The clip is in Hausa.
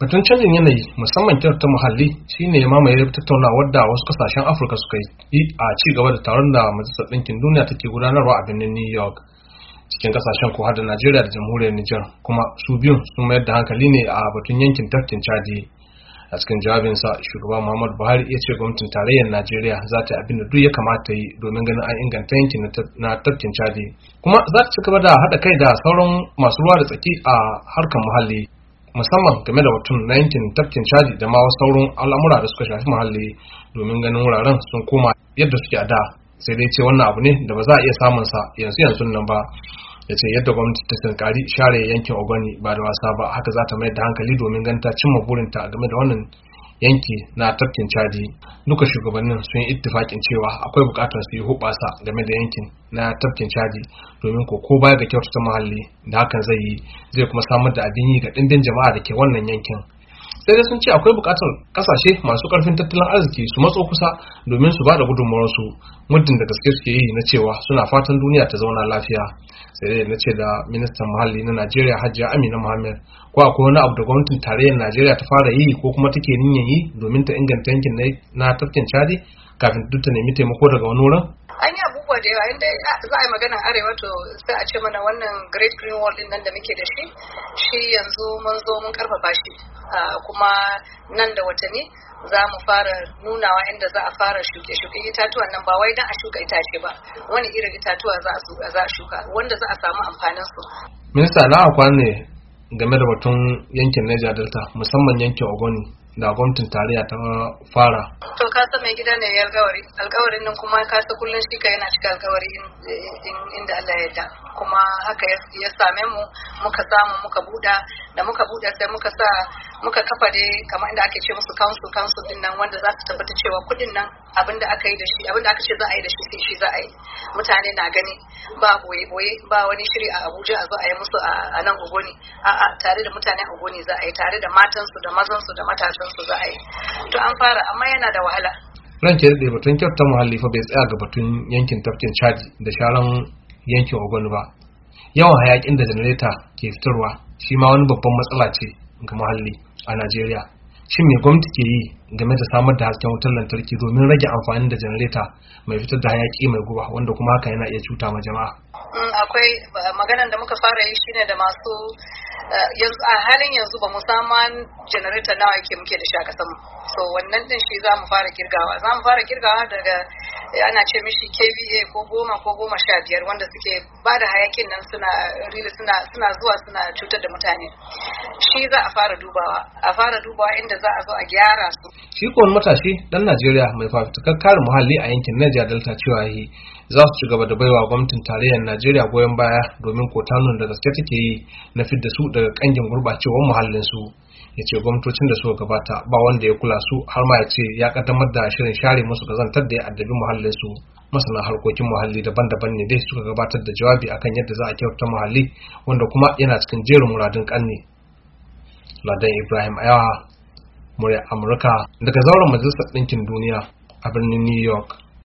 batun canjin yanayi musamman kyau ta muhalli shi ne ya mamaye tattauna wadda wasu kasashen afirka suka yi a ci gaba da taron da majalisar ɗinkin duniya take gudanarwa a birnin new york cikin kasashen ko da najeriya da jamhuriyar niger kuma su biyun sun mayar da hankali ne a batun yankin tafkin chadi a cikin jawabinsa shugaba muhammadu buhari ya ce gwamnatin tarayyar najeriya za ta abin da duk ya kamata yi domin ganin an inganta yankin na tafkin chadi kuma za ta ci gaba da haɗa kai da sauran masu ruwa da tsaki a harkar muhalli musamman game da mutum na yankin tafkin chadi da ma sauran al'amura da suka shafi muhalli domin ganin wuraren sun koma yadda suke a da sai dai ce wannan abu ne da ba za a iya samun sa yanzu yanzu nan ba ya ce yadda gwamnati ta sankari share yankin ogoni ba da wasa ba haka za ta mayar da hankali domin ganin ta cimma burinta game da wannan yanki na tafkin chadi duka shugabannin sun yi ittifakin cewa akwai bukatar su yi hubasa game da yankin na tafkin chadi domin ko ko baya ga kyautata muhalli da hakan zai yi zai kuma samar da abin yi ga dindin jama'a da ke wannan yankin sai dai sun ce akwai bukatar kasashe masu karfin tattalin arziki su matso kusa domin su ba da su muddin da gaske suke yi na cewa suna fatan duniya ta zauna lafiya sai dai na ce da ministan muhalli na najeriya hajiya amina muhammad ko akwai wani abu da gwamnatin tarayyar najeriya ta fara yi ko kuma take niyan yi domin ta inganta yankin na tafkin chadi kafin duk ta nemi taimako daga wani wurin an yi abubuwa da yawa inda za a yi maganar arewa to sai a ce mana wannan great green wall din nan da muke da shi shi yanzu mun zo mun karfafa shi kuma nan da watanni za mu fara nunawa inda za a fara shuke shuke itatuwan nan ba wai dan a shuka itace ba wani irin itatuwa za a shuka wanda za a samu amfanin su minista na akwai ne game da batun yankin Niger Delta musamman yankin Ogoni da gwamnatin tarayya ta fara. To ka san mai gida ne alkawari, alkawarin nan kuma ka san kullum shi ka yana cika alkawari inda Allah ya da. Kuma haka ya same mu muka samu muka buɗa da muka buɗa sai muka sa muka kafa dai kamar inda ake ce musu kansu kansu din nan wanda za su tabbata cewa kuɗin nan abinda aka yi da shi abinda aka ce za a yi da shi sai shi za a yi. Mutane na gani ba boye-boye ba wani shiri a abuja a zo a yi musu a nan ogoni a tare da mutanen ogoni za a yi tare da matansu da mazansu da matasansu za a yi to an fara amma yana da wahala ran ke daɗe batun kyauta muhalli fa bai tsaya ga batun yankin tafkin caji da sharan yankin ogoni ba yawan hayakin da janareta ke fitarwa shi ma wani babban matsala ce ga muhalli a najeriya shin me gwamnati ke yi game da samar da hasken wutar lantarki domin rage amfani da janareta mai fitar da hayaki mai guba wanda kuma haka yana iya cuta ma jama'a mm, akwai eh, maganan da muka fara yi shine da masu eh, a halin yanzu ba mu saman janareta nawa ke muke da shi a kasan so wannan din shi za mu fara kirgawa za mu fara kirgawa daga ana ce mishi kva ko goma ko goma sha biyar wanda suke ba da hayakin nan suna zuwa suna cutar da mutane shi za a fara dubawa a fara dubawa inda za a zo a gyara su shi matashi dan najeriya mai fafutukar kare muhalli a yankin niger delta cewa yi za su ci gaba da baiwa gwamnatin tarayyar najeriya goyon baya domin kotanun da gaske take yi na fidda su daga kangin gurbacewar muhallin su ya ce gwamnatocin da suka gabata ba wanda ya kula su har ma ya ce ya kaddamar da shirin share musu kazantar da ya addabi muhallin su masana harkokin muhalli daban-daban ne dai suka gabatar da jawabi akan yadda za a kyauta muhalli wanda kuma yana cikin jerin muradun kanni ladan ibrahim ayawa murya amurka daga zauren majalisar ɗinkin duniya a birnin new york